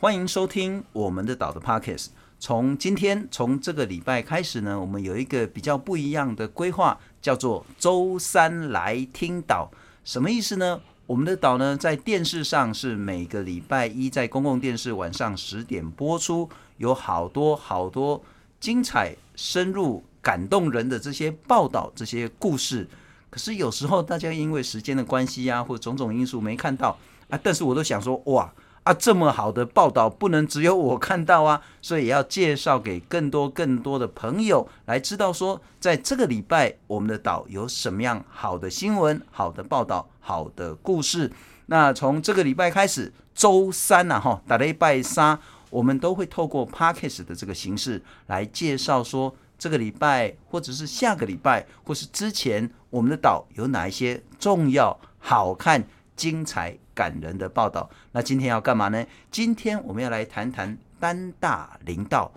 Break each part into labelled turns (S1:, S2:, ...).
S1: 歡迎收聽我們的島的 Podcast。從今天，從這個禮拜開始呢，我們有一個比較不一樣的規劃，叫做週三來聽島。什麼意思呢？我們的島呢，在電視上是每個禮拜一在公共電視晚上十點播出，有好多好多精彩、深入、感動人的這些報道、這些故事。可是有時候大家因為時間的關係呀、啊，或種種因素沒看到啊，但是我都想說，哇！啊，這麼好的報道不能只有我看到啊！所以也要介紹給更多更多的朋友來知道說，說在這個禮拜我們的島有什麼樣好的新聞、好的報道、好的故事。那從這個禮拜開始，週三呢、啊，哈，禮拜三我們都會透過 Podcast 的這個形式來介紹說，說這個禮拜或者是下個禮拜或是之前，我們的島有哪一些重要、好看、精彩。感人的報道。那今天要幹嘛呢？今天我們要來談談丹大林道。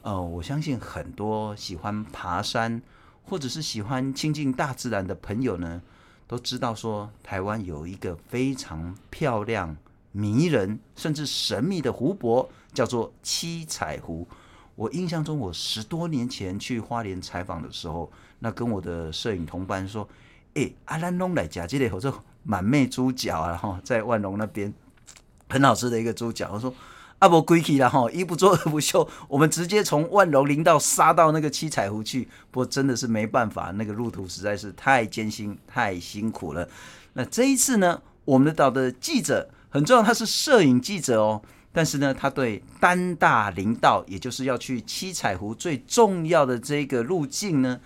S1: 呃，我相信很多喜歡爬山或者是喜歡親近大自然的朋友呢，都知道說台灣有一個非常漂亮、迷人甚至神秘的湖泊，叫做七彩湖。我印象中，我十多年前去花蓮採訪的時候，那跟我的攝影同伴說：“哎、欸，阿蘭弄來加進來好。」作。”滿妹豬腳啊，哈，在萬榮那邊，很好吃的一個豬腳。我說阿伯，歸、啊、去了哈，一不做二不休，我們直接從萬榮林道殺到那個七彩湖去。不過真的是沒辦法，那個路途實在是太艱辛、太辛苦了。那這一次呢，我們的島的記者很重要，他是攝影記者哦，但是呢，他對丹大林道，也就是要去七彩湖最重要的這個路徑呢，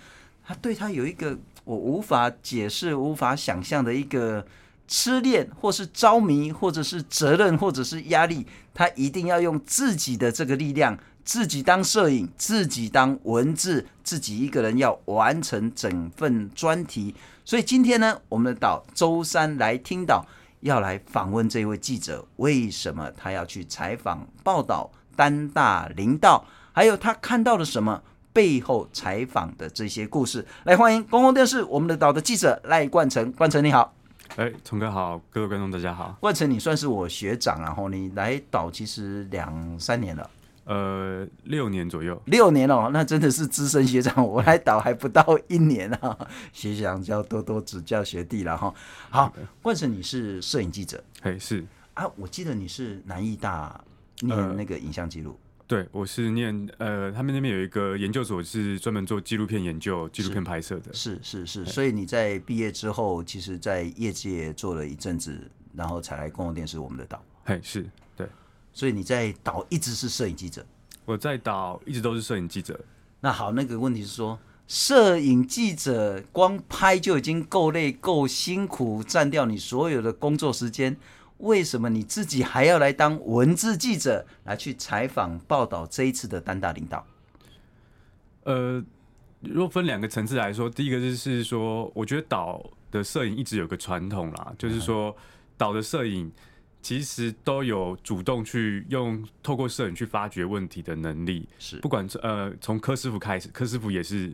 S1: 他對他有一個，我無法解釋、無法想象的一個痴戀，或是着迷，或者是責任，或者是壓力。他一定要用自己的這個力量，自己當攝影，自己當文字，自己一個人要完成整份專題。所以今天呢，我們的島週三來聽島要來訪問這位記者，為什麼他要去採訪報道丹大林道，還有他看到了什麼？背後採訪的這些故事，來歡迎公共電視我們的島的記者賴冠丞，冠丞你好。哎、欸，聰哥好，各位觀眾大家好。冠丞你算是我學長然、啊、後你來島其實兩三年了，呃，六年左右，六年哦、喔，那真的是資深學長。我來島還不到一年啊，欸、學長只要多多指教學弟了哈。好，冠、欸、丞你是攝影記者，哎、欸、是啊，我記得你是南藝大念那個影像記錄。呃對，
S2: 我是唸呃，他們那邊有一個研究所是專門做紀錄片研究、紀錄片拍攝的。是是是，是，所以
S1: 你在畢業之後，其實，在業界做了一陣子，然後才來公共電視我們的島，
S2: 嘿，是，對，
S1: 所以你在島一直是攝影記者。 我在島一直都是攝影記者。那好，那個問題是說，攝影記者光拍就已經夠累、夠辛苦，占掉你所有的工作時間。為什麼你自己還要來當文字記者，來去採訪報道這一次的丹大林道？
S2: 呃，如果分兩個層次來說，第一個就是說，我覺得島的攝影一直有個傳統啦、嗯，就是說島的攝影其實都有主動去用透過攝影去發掘問題的能力。是，不管是呃，從柯師傅開始，柯師傅也是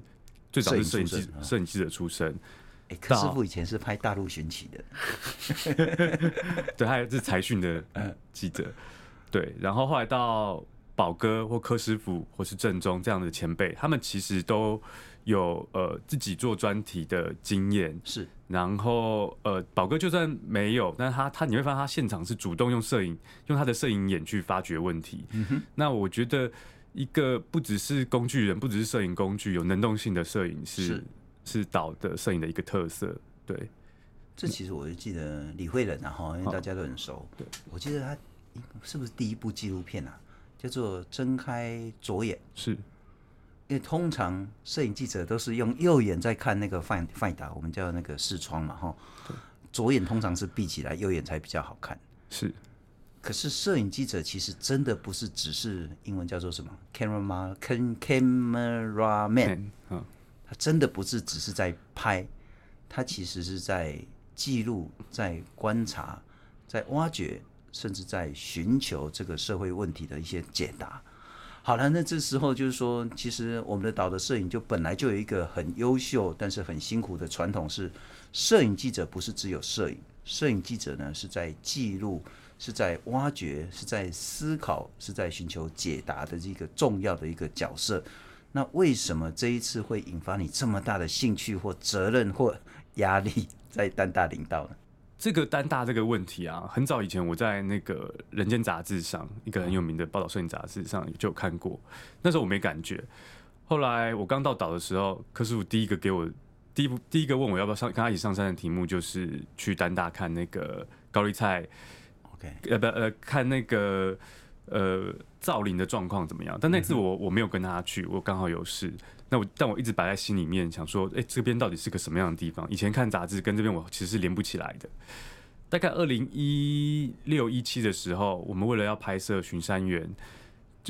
S2: 最早是攝影攝影記者出身。欸、柯師傅以前是拍大陸尋奇的， 對，他也是財訊的記者，對，然後後來到寶哥或柯師傅或是正宗這樣的前輩，他們其實都有呃自己做專題的經驗，是，然後呃寶哥就算沒有，但他他你會發現他現場是主動用攝影，用他的攝影眼去發掘問題、嗯，那我覺得一個不只是工具人，不只是攝影工具，有能動性的攝影師。是是島的攝影的一個特色，對。
S1: 這其實我就記得李惠仁哈，因為大家都很熟、哦。對，我記得他是不是第一部紀錄片啊？叫做《睜開左眼》。是。因為通常攝影記者都是用右眼在看那個 finder，我們叫那個視窗嘛哈、哦。左眼通常是閉起來，右眼才比較好看。是。可是攝影記者其實真的不是只是英文叫做什麼 camera man，camera man。嗯哦他真的不是只是在拍，他其實是在記錄、在觀察、在挖掘，甚至在尋求這個社會問題的一些解答。好了，那這時候就是說，其實我們的島的攝影就本來就有一個很優秀，但是很辛苦的傳統是，攝影記者不是只有攝影，攝影記者呢是在記錄、是在挖掘、是在思考、是在尋求解答的一個重要的一個角色。那為什麼這一次會引發你這麼大的興趣或責任或壓力在丹大林道呢？這個丹大這個問題啊，很早以前我在那個人間雜誌
S2: 上，一個很有名的報道攝影雜誌上就有看過，嗯，那時候我沒感覺。後來我剛到島的時候，柯師傅第一個給我第一第一個問我要不要上，跟他一起上山的題目就是去丹大看那個高麗菜。OK，呃不呃，看那個。呃，造林的狀況怎麼樣？但那次我我沒有跟他去，我剛好有事。嗯、那我但我一直擺在心裡面，想說，哎、欸，這邊到底是個什麼樣的地方？以前看雜誌跟這邊我其實是連不起來的。大概二零一六一七的時候，我們為了要拍攝巡山員，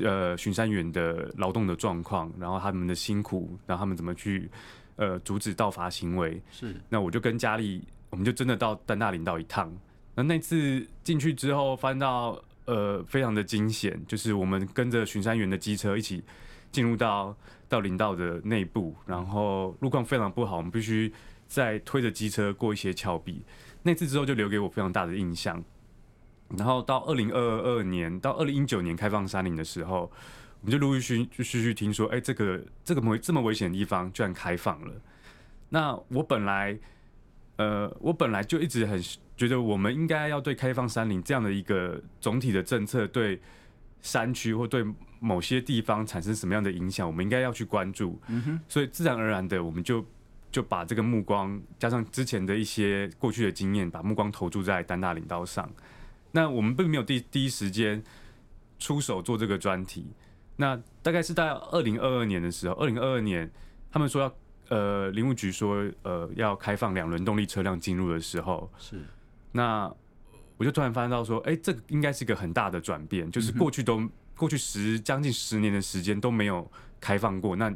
S2: 呃，巡山員的勞動的狀況，然後他們的辛苦，然後他們怎麼去呃阻止盜伐行為，是。那我就跟佳麗，我們就真的到丹大林道一趟。那那次進去之後，翻到。呃，非常的驚險，就是我們跟着巡山員的機車一起進入到到林道的內部，然後路況非常不好，我們必須再推着機車過一些峭壁。那次之後就留給我非常大的印象。然後到二零二二年，到二零一九年開放山林的時候，我們就陸陸續續續聽說，哎、欸這個，這個這個沒這麼危險的地方居然開放了。那我本來，呃，我本來就一直很。我覺得我們應該要對開放山林這樣的一個總體的政策，對山區或對某些地方產生什麼樣的影響，我們應該要去關注。所以自然而然的，我們就就把這個目光加上之前的一些過去的經驗，把目光投注在丹大林道上。那我們並沒有第第一時間出手做這個專題。那大概是在二零二二年的時候，二零二二年他們說要呃林務局說呃要開放兩輪動力車輛進入的時候是。那我就突然發現到說，哎、欸，這個、應該是一個很大的轉變，就是過去都過去十將近十年的時間都沒有開放過，那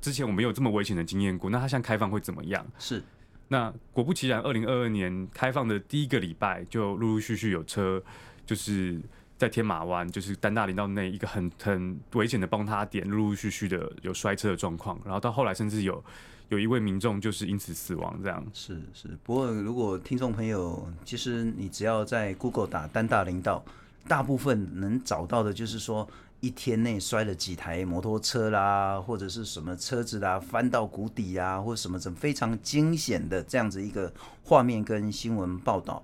S2: 之前我沒有這麼危險的經驗過，那它現在開放會怎麼樣？是，那果不其然，二零二二年開放的第一個禮拜就陸陸續續有車，就是。在天馬灣，就是丹大林道內，一個很很危險的，崩塌點，陸陸續續的有摔車的狀況，然後到後來甚至有有一位民眾就是因此死亡，這樣是是。
S1: 不過如果聽眾朋友，其實你只要在 Google 打丹大林道，大部分能找到的就是說一天內摔了幾台摩托車啦，或者是什麼車子啦，翻到谷底啊，或者什麼什麼非常驚險的這樣子一個畫面跟新聞報道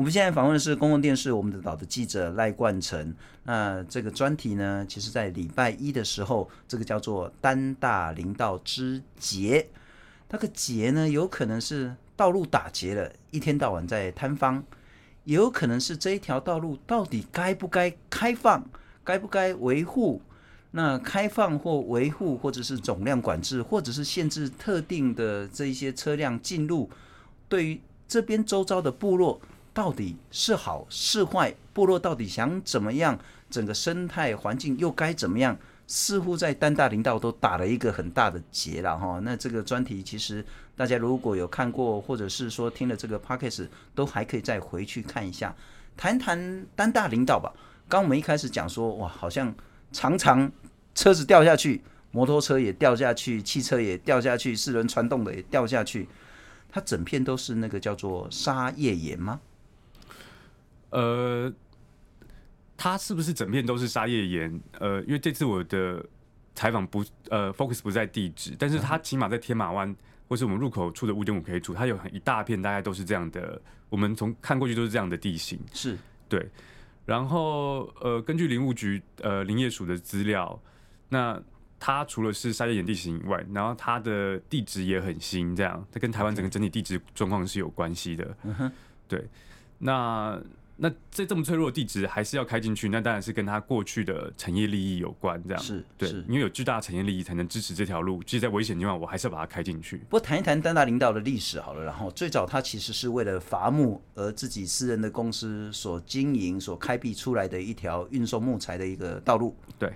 S1: 我們現在訪問的是公共電視，我們的島的記者賴冠丞。那這個專題呢，其實在禮拜一的時候，這個叫做“丹大林道之結”這。那個結呢，有可能是道路打結了，一天到晚在坍方；也有可能是這一條道路到底該不該開放，該不該維護？那開放或維護，或者是總量管制，或者是限制特定的這一些車輛進入，對於這邊周遭的部落。到底是好是壞？部落到底想怎麼樣？整個生態環境又該怎麼樣？似乎在丹大林道都打了一個很大的結了哈。那這個專題其實大家如果有看過，或者是說聽了這個 podcast 都還可以再回去看一下，談談丹大林道吧。剛我們一開始講說，哇，好像常常車子掉下去，摩托車也掉下去，汽車也掉下去，四輪傳動的也掉下去，它整片都是那個叫做沙頁岩嗎？呃，它是不是
S2: 整片都是砂頁岩？呃，因為這次我的採訪不呃 focus 不在地質，但是它起碼在天馬灣或是我們入口處的五點五 K 處，它有很一大片，大概都是這樣的。我們從看過去都是這樣的地形，是對。然後呃，根據林務局呃林業署的資料，那它除了是砂頁岩地形以外，然後它的地質也很新，這樣它跟台灣整個整體地質狀況是有關係的。Okay. 對，那。那在這，這麼脆弱的地質，還是要開進去？那當然是跟他過去的產業利益有關，這樣是對是，因為有巨大的產業利益，才能支持這條路。即使
S1: 在危險地方，我還是要把它開進去。不過，談一談丹大林道的歷史好了。然後，最早他其實是為了伐木而自己私人的公司所經營、所開闢出來的一條運送木材的一個道路。對。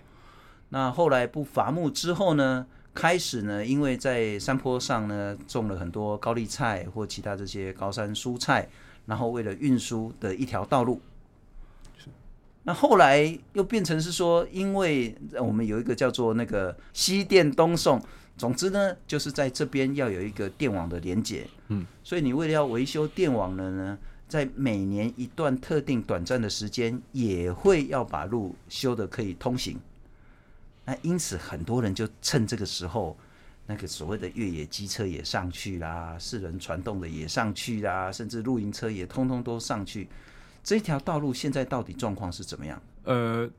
S1: 那後來不伐木之後呢？開始呢？因為在山坡上呢，種了很多高麗菜或其他這些高山蔬菜。然後為了運輸的一條道路，是，那後來又變成是說，因為我們有一個叫做那個西電東送，總之呢，就是在這邊要有一個電網的連接，嗯，所以你為了要維修電網了呢，在每年一段特定短暫的時間，也會要把路修得可以通行，那因此很多人就趁這個時候。那個所謂的越野機車也上去啦，四輪傳動的也上去啦，甚至露營車也通通都上去。這條道路現在到底狀況是怎麼樣？
S2: 呃，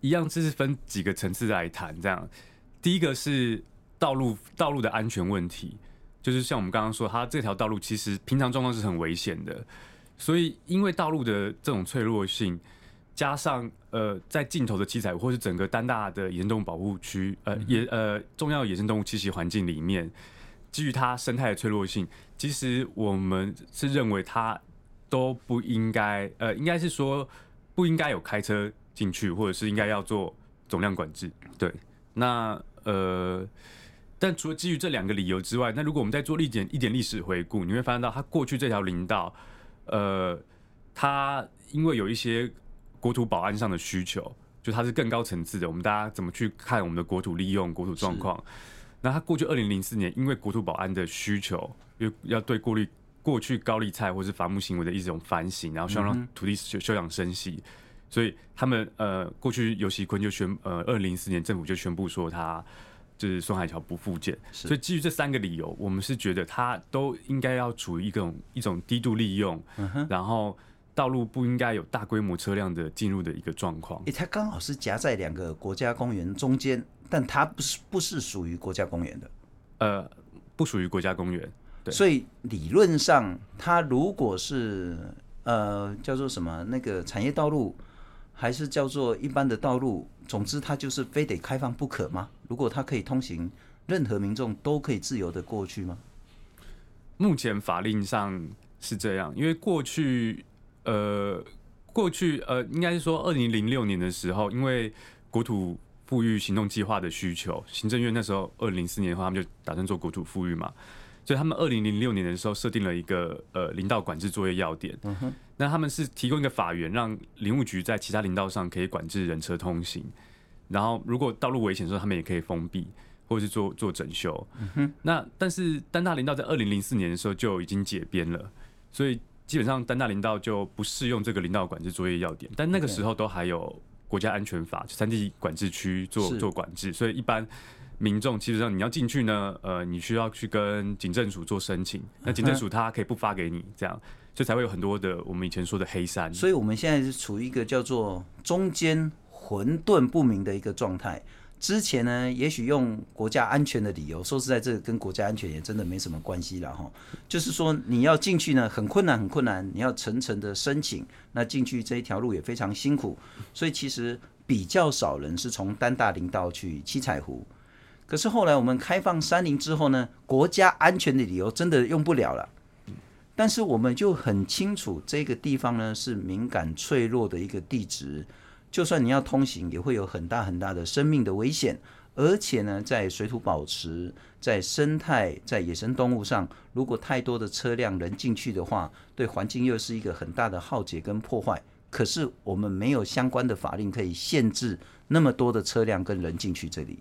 S2: 一樣只是分幾個層次來談。這樣，第一個是道路道路的安全問題，就是像我們剛剛說，它這條道路其實平常狀況是很危險的，所以因為道路的這種脆弱性。加上呃，在盡頭的七彩湖或是整個丹大的野生動物保護區，呃，也呃重要野生動物棲息環境裡面，基於它生態的脆弱性，其實我們是認為它都不應該，呃，應該是說不應該有開車進去，或者是應該要做總量管制。對，那呃，但除了基於這兩個理由之外，那如果我們再做一點一點歷史回顧，你會發現到它過去這條林道，呃，它因為有一些。國土保安上的需求，就它是更高層次的。我們大家怎麼去看我們的國土利用、國土狀況？那他過去二零零四年，因為國土保安的需求，又要對過濾過去高麗菜或是伐木行為的一種反省，然後希望讓土地休養生息、嗯，所以他們呃過去游錫堃就宣呃二零零四年政府就宣布說他就是孫海橋不復建。所以基於這三個理由，我們是覺得他都應該要處於一種一種低度利用，嗯、然後。道路不應該有大規模車輛的進入的一個狀況。誒、欸，它
S1: 剛好是夾在兩個國家公園中間，但它不是不是屬於國家公園的，呃，不屬於國家公園，對，所以理論上它如果是呃叫做什麼那個產業道路，還是叫做一般的道路，總之它就是非得開放不可嗎？如果它可以通行，任何民眾都可以自由的過去嗎？
S2: 目前法令上是這樣，因為過去。呃，過去呃，應該是說二零零六年的時候，因為國土富裕行動計劃的需求，行政院那時候二零零四年的話，他們就打算做國土富裕嘛，所以他們二零零六年的時候設定了一個呃林道管制作業要點，嗯，那他們是提供一個法源，讓林務局在其他林道上可以管制人車通行，然後如果道路危險的時候，他們也可以封閉或者是做做整修，嗯，那但是丹大林道在二零零四年的時候就已經解編了，所以。基本上丹大林道就不適用這個林道管制作業要點，但那個時候都還有國家安全法山地管制區做做管制，所以一般民眾基本上你要進去呢，呃，你需要去跟警政署做申請，那警政署他可以不發給你這樣，
S1: 就才會有很多的我們以前說的黑山。所以我們現在是處於一個叫做中間混沌不明的一個狀態。之前呢，也許用國家安全的理由，說實在，這個跟國家安全也真的沒什麼關係了哈。就是說，你要進去呢，很困難，很困難。你要層層的申請，那進去這一條路也非常辛苦。所以其實比較少人是從丹大林道去七彩湖。可是後來我們開放山林之後呢，國家安全的理由真的用不了了。但是我們就很清楚，這個地方呢是敏感脆弱的一個地址。就算你要通行，也會有很大很大的生命的危險，而且呢，在水土保持、在生態、在野生動物上，如果太多的車輛人進去的話，對環境又是一個很大的浩劫跟破壞。可是我們沒有相關的法令可以限制那麼多的車輛跟人進去這裡。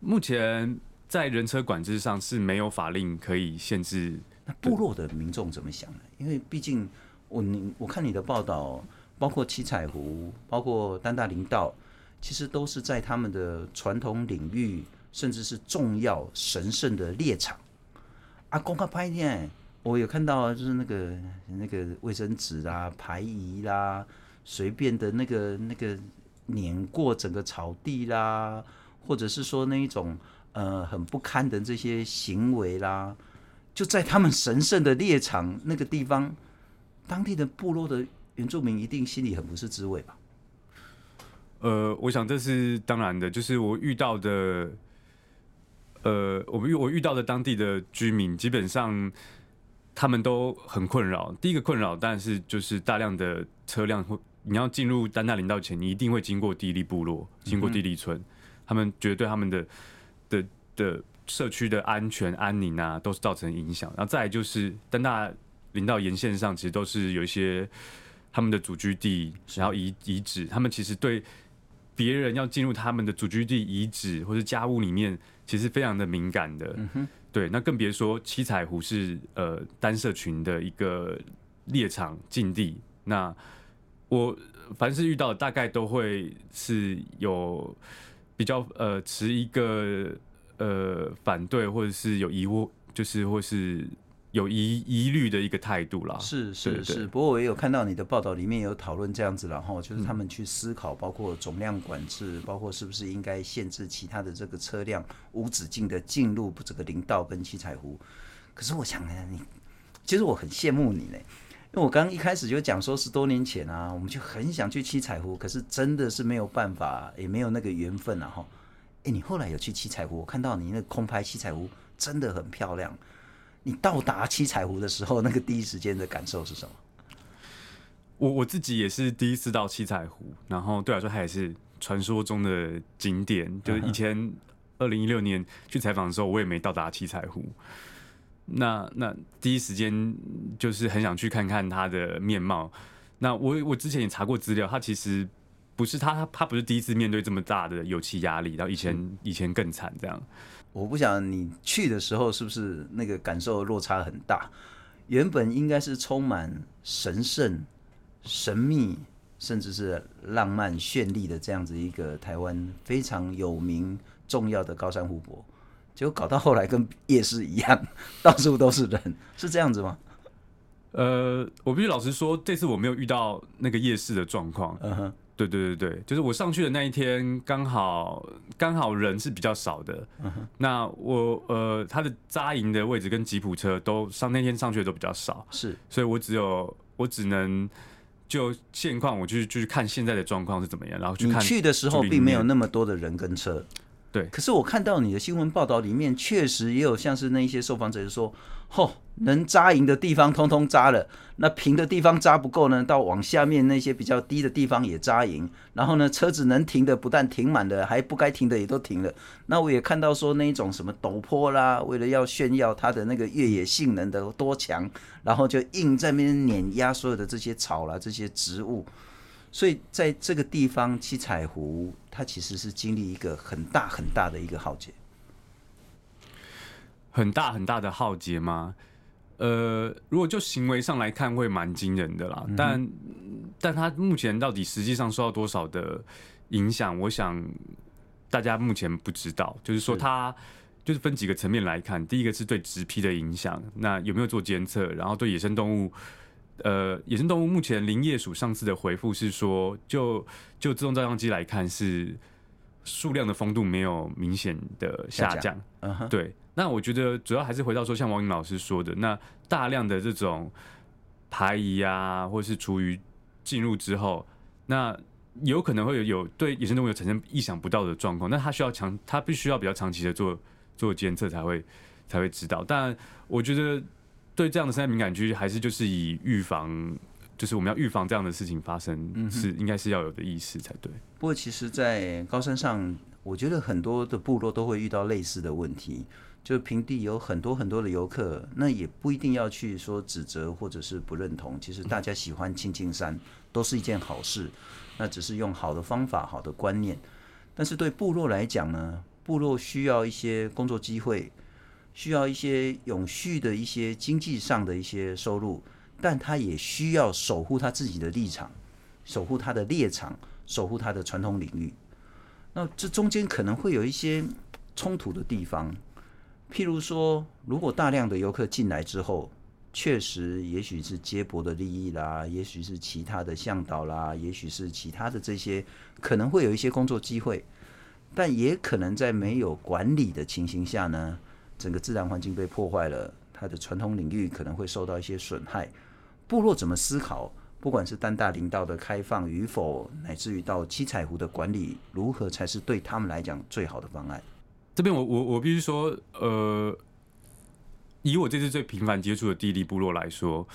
S2: 目前在
S1: 人車管制上是沒有法令可以限制。那部落的民眾怎麼想呢？因為畢竟我你我看你的報道。包括七彩湖，包括丹大林道，其實都是在他們的傳統領域，甚至是重要神聖的獵場。啊，公開拍片，我有看到，就是那個那個衛生紙啊、排遺啦、啊，隨便的那個那個碾過整個草地啦、啊，或者是說那一種呃很不堪的這些行為啦、啊，就在他們神聖的獵場那個地方，當地的部落的。原住民一定心裡很不是滋味吧？
S2: 呃，我想這是當然的，就是我遇到的，呃，我們我遇到的當地的居民，基本上他們都很困擾。第一個困擾，但是就是大量的車輛，你要進入丹大林道前，你一定會經過地利部落、經過地利村、嗯，他們覺得對他們的的的社區的安全、安寧啊，都是造成影響。然後再就是丹大林道沿線上，其實都是有一些。他們的祖居地，然後遺遺址，他們其實對別人要進入他們的祖居地移、遺址或者家務裡面，其實非常的敏感的。嗯、對，那更別說七彩湖是呃丹社群的一個獵場禁地。那我凡是遇到，大概都會是有比較呃持一個呃反對或者是有疑惑，就是或是。有疑疑慮的一個態度啦，是是是。不
S1: 過我也有看到你的報道，裡面有討論這樣子，然後就是他們去思考，包括總量管制，包括是不是應該限制其他的這個車輛無止境的進入這個林道跟七彩湖。可是我想呢，你其實我很羨慕你呢，因為我剛剛一開始就講說十多年前啊，我們就很想去七彩湖，可是真的是沒有辦法，也沒有那個緣分啊，哈。哎，你後來有去七彩湖，我看到你那空拍七彩湖真的很漂亮。你到達七彩湖的時候，那個第一時間的感受是什麼？我我自己也是第一次到七彩湖，然後對我來說它
S2: 也是傳說中的景點。啊、就是以前二零一六年去採訪的時候，我也沒到達七彩湖。那那第一時間就是很想去看看它的面貌。那我我之前也查過資料，它其實不是它
S1: 它不是第一次面對這麼大的遊憩壓力，然後以前以前更慘這樣。我不想你去的時候是不是那個感受落差很大？原本應該是充滿神聖、神秘，甚至是浪漫、絢麗的這樣子一個台灣非常有名、重要的高山湖泊，結果搞到後來跟夜市一樣，到處都是人，是這樣子嗎？
S2: 呃，我必須老實說，這次我沒有遇到那個夜市的狀況，嗯哼。對對對對，就是我上去的那一天，剛好剛好人是比較少的。嗯、那我呃，他的紮營的位置跟吉普車都上那天上去的都比較少，是，所以我只有我只能就現況，我就就是看現在的狀況是怎麼樣，然後去看。你去的時候並沒有
S1: 那麼多的人跟車。對，可是我看到你的新聞報道裡面，確實也有像是那一些受訪者說，吼、哦。能紮營的地方通通扎了，那平的地方扎不夠呢，到往下面那些比較低的地方也紮營。然後呢，車子能停的不但停滿了，還不該停的也都停了。那我也看到說那一種什麼陡坡啦，為了要炫耀它的那個越野性能的多強，然後就硬在那邊碾壓所有的這些草啦、這些植物。所以在這個地方七彩湖，它其實是經歷一個很大很大的一個浩劫，
S2: 很大很大的浩劫嗎？呃，如果就行為上來看，會蠻驚人的啦、嗯。但，但他目前到底實際上受到多少的影響，我想大家目前不知道。就是說他，它就是分幾個層面來看。第一個是對植被的影響，那有沒有做監測？然後對野生動物，呃，野生動物目前林業署上次的回覆是說，就就自動照相機來看是。數量的豐度沒有明顯的下降，嗯，對。那我覺得主要還是回到說，像王云老師說的，那大量的這種排遺啊，或是廚餘進入之後，那有可能會有有對野生動物有產生意想不到的狀況。那他需要長，他必須要比較長期的做做監測才會才會知道。但我覺得對這樣的生態敏感區，還是就是以預防。就是我們要預防這樣的事情發生，是應該是要有的意識才對、嗯。不
S1: 過，其實，在高山上，我覺得很多的部落都會遇到類似的問題。就是平地有很多很多的遊客，那也不一定要去說指責或者是不認同。其實大家喜歡親近山，都是一件好事。那只是用好的方法、好的觀念。但是對部落來講呢，部落需要一些工作機會，需要一些永續的一些經濟上的一些收入。但他也需要守護他自己的立場，守護他的獵場，守護他的傳統領域。那這中間可能會有一些衝突的地方，譬如說，如果大量的遊客進來之後，確實也許是接駁的利益啦，也許是其他的向導啦，也許是其他的這些，可能會有一些工作機會，但也可能在沒有管理的情形下呢，整個自然環境被破壞了，他的傳統領域可能會受到一些損害。部落怎麼思考？不管是丹大林道的開放與否，乃至於到七彩湖的管理，如何才是對他們來講最好的方案？
S2: 這邊我我我必須說，呃，以我這次最頻繁接觸的地利部落來說，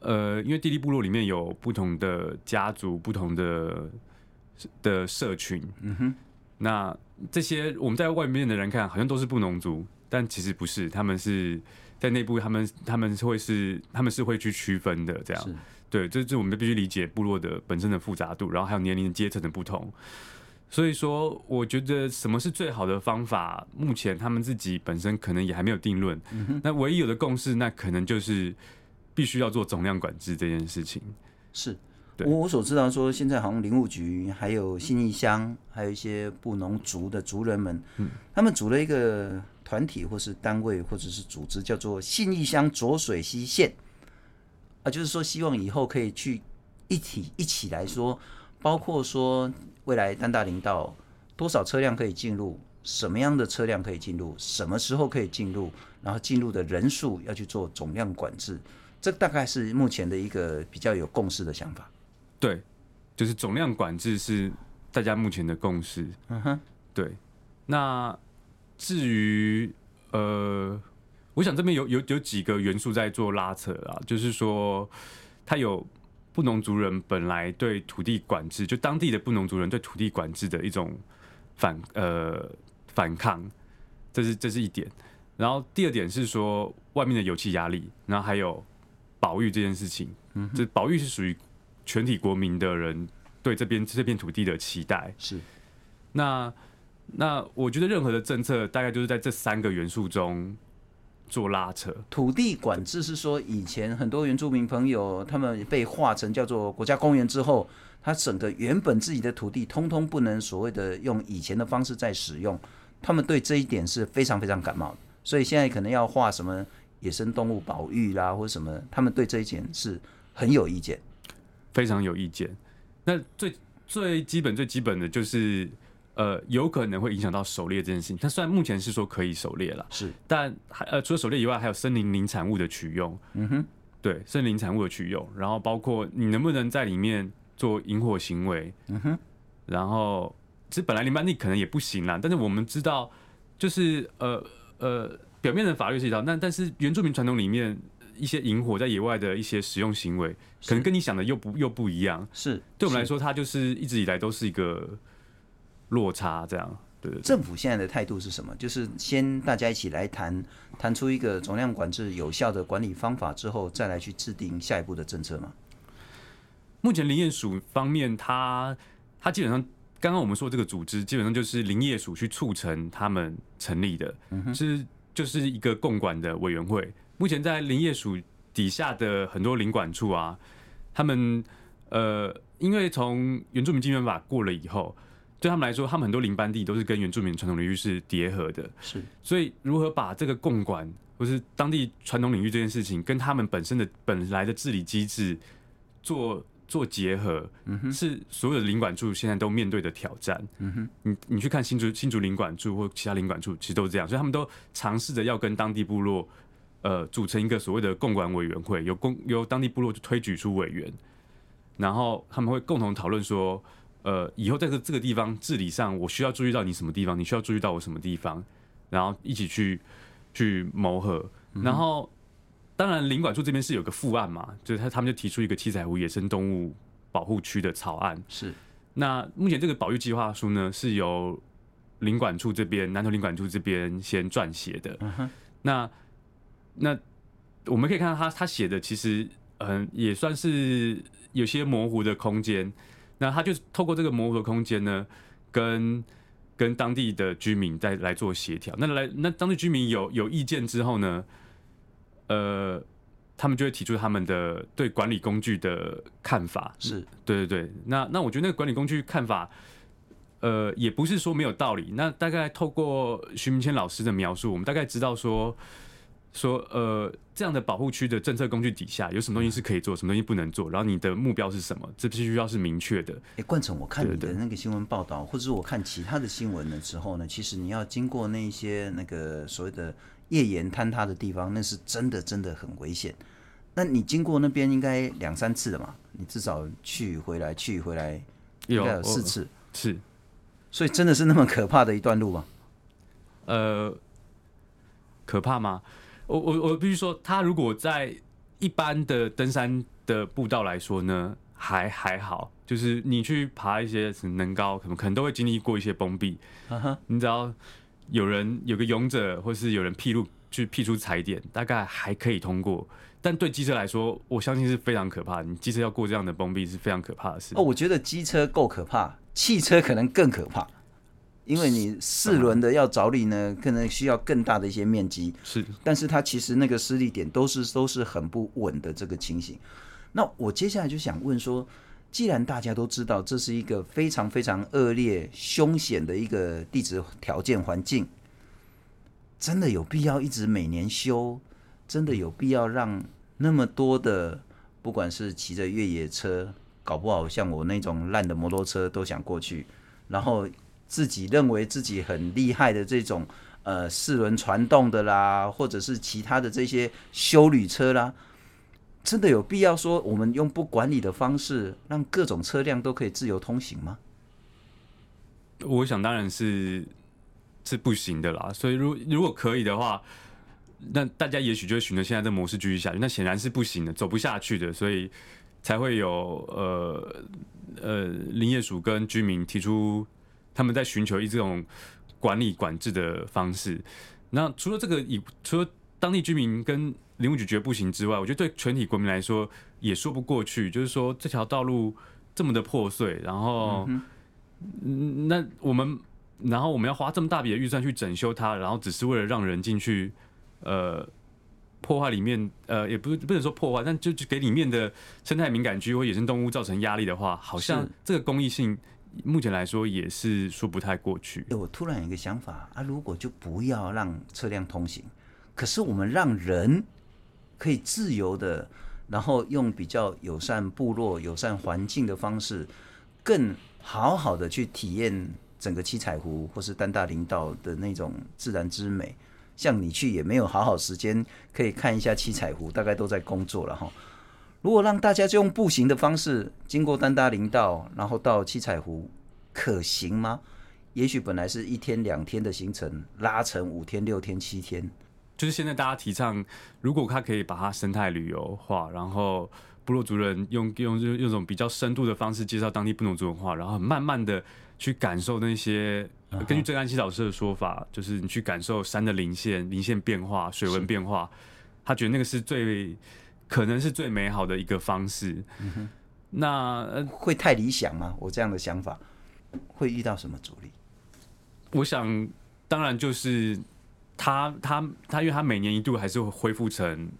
S2: 呃，因為地利部落裡面有不同的家族、不同的的社群，嗯哼，那這些我們在外面的人看好像都是布農族，但其實不是，他們是。在內部他，他們他們會是他們是會去區分的，這樣對，這、就是我們就必須理解部落的本身的複雜度，然後還有年齡階層的不同。所以說，我覺得什麼是最好的方法，目前他們自己本身可能也還沒有定論，嗯。那唯一有的共識，那可能就是必須要做總量管制這件事情。
S1: 是對，我我所知道說，現在好像林務局還有信義鄉，還有一些布農族的族人們，嗯，他們組了一個。團體或是單位或者是組織，叫做信義鄉濁水溪線，啊，就是說希望以後可以去一起一起來說，包括說未來丹大林道多少車輛可以進入，什麼樣的車輛可以進入，什麼時候可以進入，然後進入的人數要去做總量管制，這大概是目前的一個比較有共識的想法。
S2: 對，就是總量管制是大家目前的共識。嗯哼，對，那。至於呃，我想這邊有有有幾個元素在做拉扯啊，就是說，他有布農族人本來對土地管制，就當地的布農族人對土地管制的一種反呃反抗，這是這是一點。然後第二點是說外面的遊憩壓力，然後還有保育這件事情，嗯，這、就是、保育是屬於全體國民的人對這邊這片土地的期待，是那。那我覺得任何的政策大概就是在這三個元素
S1: 中做拉扯。土地管制是說，以前很多原住民朋友他們被劃成叫做國家公園之後，他整個原本自己的土地通通不能所謂的用以前的方式在使用，他們對這一點是非常非常感冒的。所以現在可能要畫什麼野生動物保育啦，或者什麼，他們對這一點是很有意見，非常有意見。
S2: 那最最基本最基本的就是。呃，有可能會影響到狩獵這件事情。它雖然目前是說可以狩獵了，是，但呃，除了狩獵以外，還有森林林產物的取用，嗯哼，對，森林產物的取用，然後包括你能不能在裡面做引火行為，嗯哼，然後其實本來林班地可能也不行啦，但是我們知道，就是呃呃，表面的法律是一套，但但是原住民傳統裡面一些引火在野外的一些使用行為，可能跟你想的又不又不一樣，是，對我們來說，它就是一直以來都是一個。
S1: 落差這樣，對，對，對，政府現在的態度是什麼？就是先大家一起來談談出一個總量管制有效的管理方法之後，再來去制定下一步的政策嗎？
S2: 目前林業署方面，他他基本上剛剛我們說這個組織，基本上就是林業署去促成他們成立的，嗯、是，就是一個共管的委員會。目前在林業署底下的很多林管處啊，他們呃，因為從原住民基本法過了以後。對他們來說，他們很多林班地都是跟原住民傳統領域是疊合的，是，所以如何把這個共管或是當地傳統領域這件事情，跟他們本身的本來的治理機制做做結合，嗯哼，是所有的林管處現在都面對的挑戰，嗯哼，你你去看新竹新竹林管處或其他林管處，其實都是這樣，所以他們都嘗試着要跟當地部落，呃，組成一個所謂的共管委員會，由共由當地部落就推舉出委員，然後他們會共同討論說。呃，以後在這這個地方治理上，我需要注意到你什麼地方，你需要注意到我什麼地方，然後一起去去磨合、嗯。然後，當然，林管處這邊是有個腹案嘛，就是他他們就提出一個七彩湖野生動物保護區的草案。是，那目前這個保育計劃書呢，是由林管處這邊南投林管處這邊先撰寫的。嗯、那那我們可以看到他他寫的其實，嗯、呃，也算是有些模糊的空間。那他就是透過這個模糊的空間呢，跟跟當地的居民再來做協調。那來那當地居民有有意見之後呢，呃，他們就會提出他們的對管理工具的看法。是，對對對。那那我覺得那個管理工具看法，呃，也不是說沒有道理。那大概透過徐明謙老師的描述，我們大概知道說，說呃，這樣的保護區的政策工具底下有什麼東西是可以做，什麼東西不能做？然後你的目標是什麼？這必須要是明確的。哎、欸，
S1: 冠丞，我看你的那個新聞報道，對對對，或者我看其他的新聞的時候呢，其實你要經過那些那個所謂的頁岩坍塌的地方，那是真的真的很危險。那你經過那邊應該兩三次的嘛？你至少去回來去回來、
S2: 哦、應該有四次、
S1: 哦，是。所以真的是那麼可怕的一段路嗎？呃，
S2: 可怕嗎？我我我必須說，他如果在一般的登山的步道來說呢，還還好。就是你去爬一些什麼能高，可能都會經歷過一些崩壁。你只要有人有個勇者，或是有人闢路，去闢出踩點，大概還可以通過。但對機車來說，我相信是非常
S1: 可怕的。你機車要過這樣的崩壁是非常可怕的事。哦，我覺得機車夠可怕，汽車可能更可怕。因為你四輪的要着力呢、嗯，可能需要更大的一些面積。是，但是它其實那個施力點都是都是很不穩的這個情形。那我接下來就想問說，既然大家都知道這是一個非常非常惡劣、凶險的一個地質條件環境，真的有必要一直每年修？真的有必要讓那麼多的、嗯、不管是騎着越野車，搞不好像我那種爛的摩托車都想過去，然後？自己認為自己很厲害的這種，呃，四輪傳動的啦，或者是其他的這些休旅車啦，真的有必要說我們用不管理的方式讓各種車輛都可以自由通行嗎？
S2: 我想當然是是不行的啦。所以如，如如果可以的話，那大家也許就會循著現在這模式繼續下去，那顯然是不行的，走不下去的。所以才會有呃呃林業署跟居民提出。他們在尋求一這種管理管制的方式，那除了這個以除了當地居民跟林務局覺得不行之外，我覺得對全體國民來說也說不過去。就是說這條道路這麼的破碎，然後、嗯嗯、那我們然後我們要花這麼大筆的預算去整修它，然後只是為了讓人進去，呃破壞裡面呃也不不能說破壞，但就給裡面的生態敏感區或野生動物造成壓力的話，好像這個公益性。目前來說也
S1: 是說不太過去。欸、我突然有一個想法啊，如果就不要讓車輛通行，可是我們讓人可以自由的，然後用比較友善部落、友善環境的方式，更好好的去體驗整個七彩湖或是丹大林道的那種自然之美。像你去也沒有好好時間可以看一下七彩湖，大概都在工作了哈。如果讓大家就用步行的方式經過丹大林道，然後到七彩湖，可行嗎？也許本來是一天兩天的行程，拉成五天六天七天。就是現在大家提倡，如果他可以把它生態旅遊化，然後部落
S2: 族人用用用用一種比較深度的方式介紹當地布農族文化，然後慢慢的去感受那些。Uh -huh. 根據鄭安琪老師的說法，就是你去感受山的林線、林線變化、水溫變化，他覺得那個是最。可能是最美好的一個方式，嗯、
S1: 那會太理想嗎？我這樣的想法會遇到什麼阻力？
S2: 我想，當然就是他他他、他他因為他每年一度還是會恢復成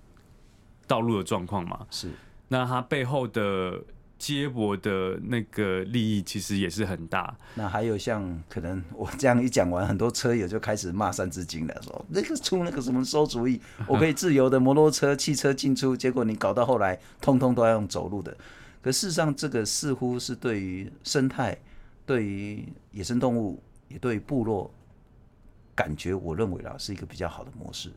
S2: 道路的狀況嘛。是，那他背後的。接駁的那個利益其實也是很大。
S1: 那還有像，可能我這樣一講完，很多車友就開始罵三字經了，說那個出那個什麼餿主意， 我可以自由的摩托車、汽車進出，結果你搞到後來通通都要用走路的。可事實上，這個似乎是對於生態、對於野生動物也對部落，感覺我認為啦是一個比較好的模式。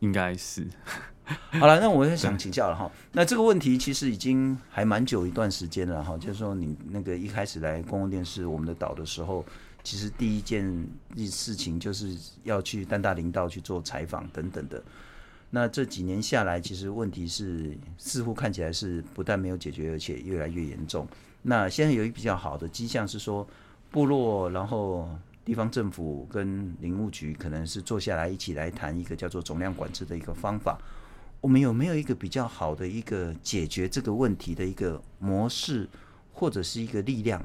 S1: 應該是， 好了，那我也想請教了哈。那這個問題其實已經還蠻久一段時間了哈。就是說，你那個一開始來公共電視我們的島的時候，其實第一件事情就是要去丹大林道去做採訪等等的。那這幾年下來，其實問題是似乎看起來是不但沒有解決，而且越來越嚴重。那現在有一比較好的跡象是說部落，然後。地方政府跟林務局可能是坐下來一起來談一個叫做總量管制的一個方法。我們有沒有一個比較好的一個解決這個問題的一個模式，或者是一個力量，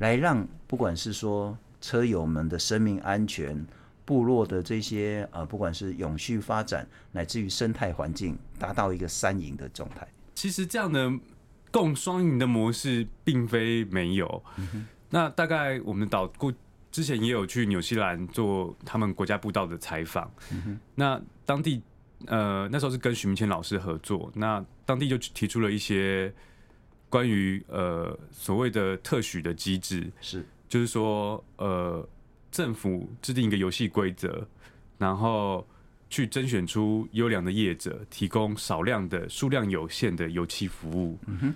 S1: 來讓不管是說車友們的生命安全、部落的這些呃，不管是永續發展，乃至於生態環境，達到一個三贏的狀態？其實這樣
S2: 的共雙贏的模式並非沒有。嗯、那大概我們到過之前也有去紐西蘭做他們國家步道的採訪，嗯，那當地呃那時候是跟徐銘謙老師合作，那當地就提出了一些關於呃所謂的特許的機制，是就是說呃政府制定一個遊戲規則，然後去甄選出優良的業者，提供少量的數量有限的遊憩服務，嗯，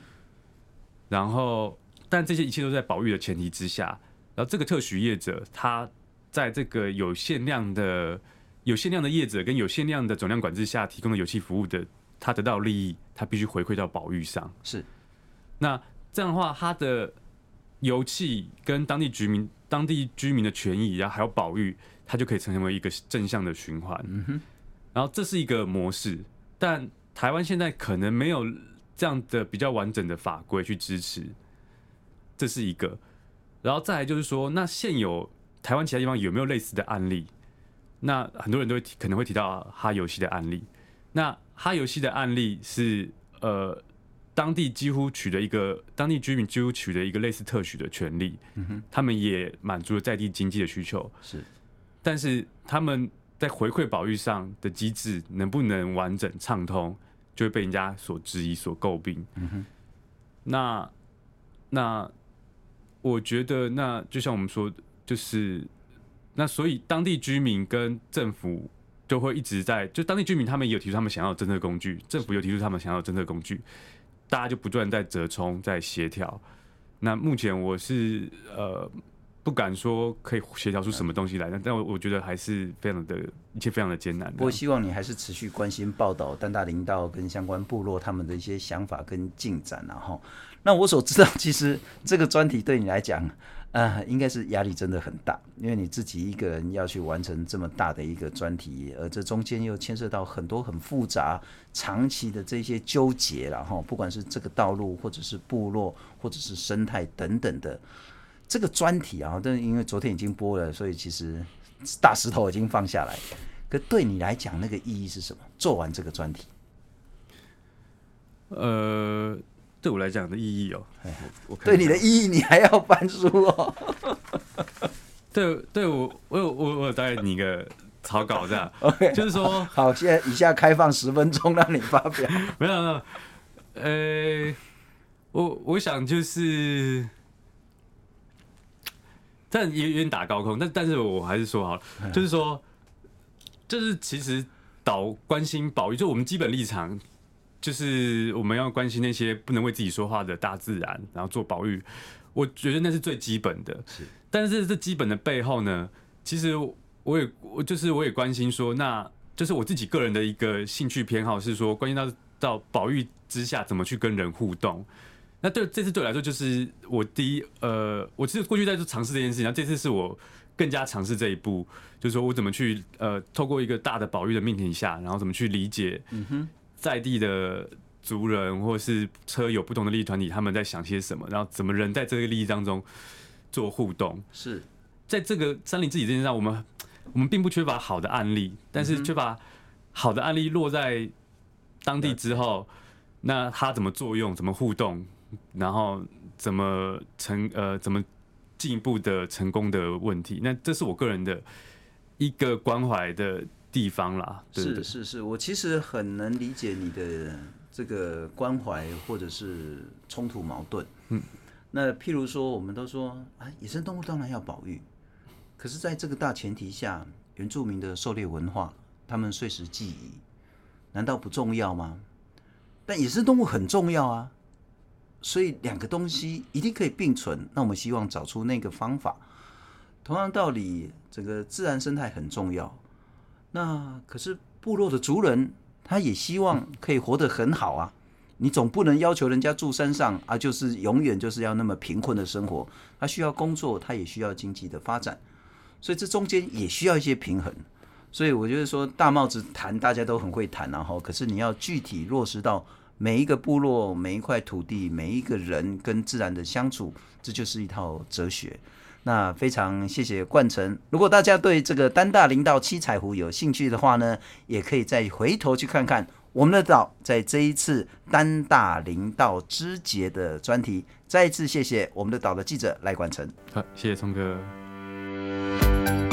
S2: 然後但這些一切都在保育的前提之下。然後，這個特許業者他在這個有限量的、有限量的業者跟有限量的總量管制下提供的遊憩服務的，他得到利益，他必須回饋到保育上。是。那這樣的話，他的遊憩跟當地居民、當地居民的權益，然後還有保育，它就可以成為一個正向的循環。嗯哼。然後這是一個模式，但台灣現在可能沒有這樣的比較完整的法規去支持。這是一個。然後再來就是說，那現有台灣其他地方有沒有類似的案例？那很多人都會可能會提到哈尤溪的案例。那哈尤溪的案例是，呃，當地幾乎取得一個當地居民幾乎取得一個類似特許的權利、嗯哼，他們也滿足了在地經濟的需求，是。但是他們在回饋保育上的機制能不能完整暢通，就會被人家所質疑、所詬病，嗯哼。那，那。我覺得那就像我們說，就是那，所以當地居民跟政府就會一直在，就當地居民他們也有提出他們想要的政策工具，政府有提出他們想要的政策工具，大家就不斷在折衝在協調。那目前我是呃。不敢說可以協調出什麼東西來，但、嗯、但我覺得還是非常的，一切非常的艱難的。不過希
S1: 望你還是持續關心報道丹大林道跟相關部落他們的一些想法跟進展，然後，那我所知道，其實這個專題對你來講，啊、呃，應該是壓力真的很大，因為你自己一個人要去完成這麼大的一個專題，而這中間又牽涉到很多很複雜、長期的這些糾結，然後不管是這個道路，或者是部落，或者是生態等等的。這個專題啊，但是因為昨天已經播了，所以其實大石頭已經放下來。可對你來講，那個意義是什麼？做完這個專題，呃，對我來講的意義哦，哎，我，我對你的意義，你還要翻書哦。
S2: 對，對我，我我我我，我，我，我一個草稿我，我
S1: ，OK， 就是說，好，好現在以下開放十分鐘讓你發表。 沒有，沒有，呃，我我想就是。
S2: 但也有點打高空，但但是我還是說好了，嗯、就是說，就是其實島關心保育，就我們基本立場，就是我們要關心那些不能為自己說話的大自然，然後做保育，我覺得那是最基本的。是。但是這基本的背後呢，其實我也我就是我也關心說，那就是我自己個人的一個興趣偏好是說，關心到到保育之下怎麼去跟人互動。那對這次對我來說，就是我第一，呃，我其實過去在做嘗試這件事，然後這次是我更加嘗試這一步，就是說我怎麼去，呃，透過一個大的保育的命題下，然後怎麼去理解嗯哼在地的族人或者是車友、不同的利益團體，他們在想些什麼，然後怎麼人在這個利益當中做互動。是，在這個山林自己治理這件事上，我們我們並不缺乏好的案例，但是缺乏好的案例落在當地之後，那它怎麼作用，怎麼互動？然後怎麼成呃，怎麼進一步的成功的問題？那這是我個人的一個關懷的地方啦。是
S1: 的，是是，是，我其實很能理解你的這個關懷，或者是衝突矛盾。嗯，那譬如說，我們都說啊，野生動物當然要保育，可是在這個大前提下，原住民的狩獵文化，他們歲時祭儀，難道不重要嗎？但野生動物很重要啊。所以兩個東西一定可以並存，那我們希望找出那個方法。同樣道理，整個自然生態很重要。那可是部落的族人，他也希望可以活得很好啊。你總不能要求人家住山上啊，就是永遠就是要那麼貧困的生活。他需要工作，他也需要經濟的發展。所以這中間也需要一些平衡。所以我覺得說大帽子談大家都很會談，啊，然後可是你要具體落實到。每一個部落、每一塊土地、每一個人跟自然的相處，這就是一套哲學。那非常謝謝冠成丞。如果大家對這個丹大林道七彩湖有興趣的話呢，也可以再回頭去看看我們的島在這一次丹大林道之節之結的專題。再一次謝謝我們的島的記者賴冠成賴
S2: 冠丞。好、啊，謝謝聰哥。